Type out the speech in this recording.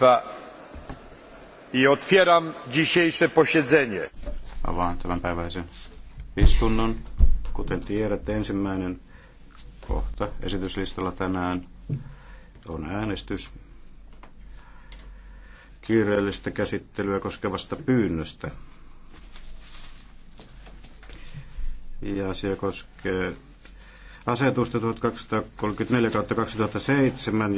Państwa i otwieram dzisiejsze posiedzenie. Avaan tämän päiväisen istunnon. Kuten tiedätte, ensimmäinen kohta esityslistalla tänään on äänestys kiireellistä käsittelyä koskevasta pyynnöstä. Ja asia koskee asetusta 1234-2007,